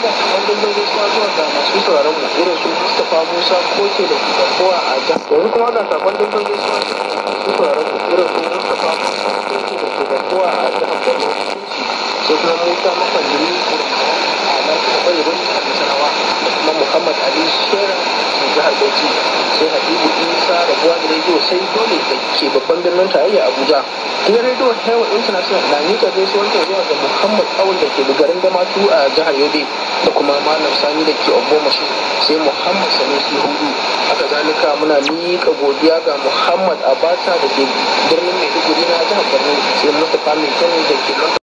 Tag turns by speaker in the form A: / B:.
A: tawagar ɓangarorin sabuwar da masu sauraron mu irin su Mustapha Musa Koke da Kowa a Jan. Yanzu kuma ga sakon dangarorin sabuwar da masu sauraron mu irin su Mustapha Musa Koke da Kowa a Jan.
B: Sai kuma maka jiri a nan kuma ɓangaren Musarawa da kuma Muhammad Ali Shera da jihar Bauchi. Sai Habibu Isa da Buwa da Rediyo sai dole da ke babban birnin tarayya Abuja. gidan rediyo hewa international na miƙa gaisuwar ta zuwa ga muhammad awul da ke garin damatu a jihar yobe da kuma malam sani da ke obomashi sai muhammad sanusi hudu aka zalika muna miƙa godiya ga muhammad abata da ke birnin maiduguri na jihar borno sai mustapha mai da
C: ke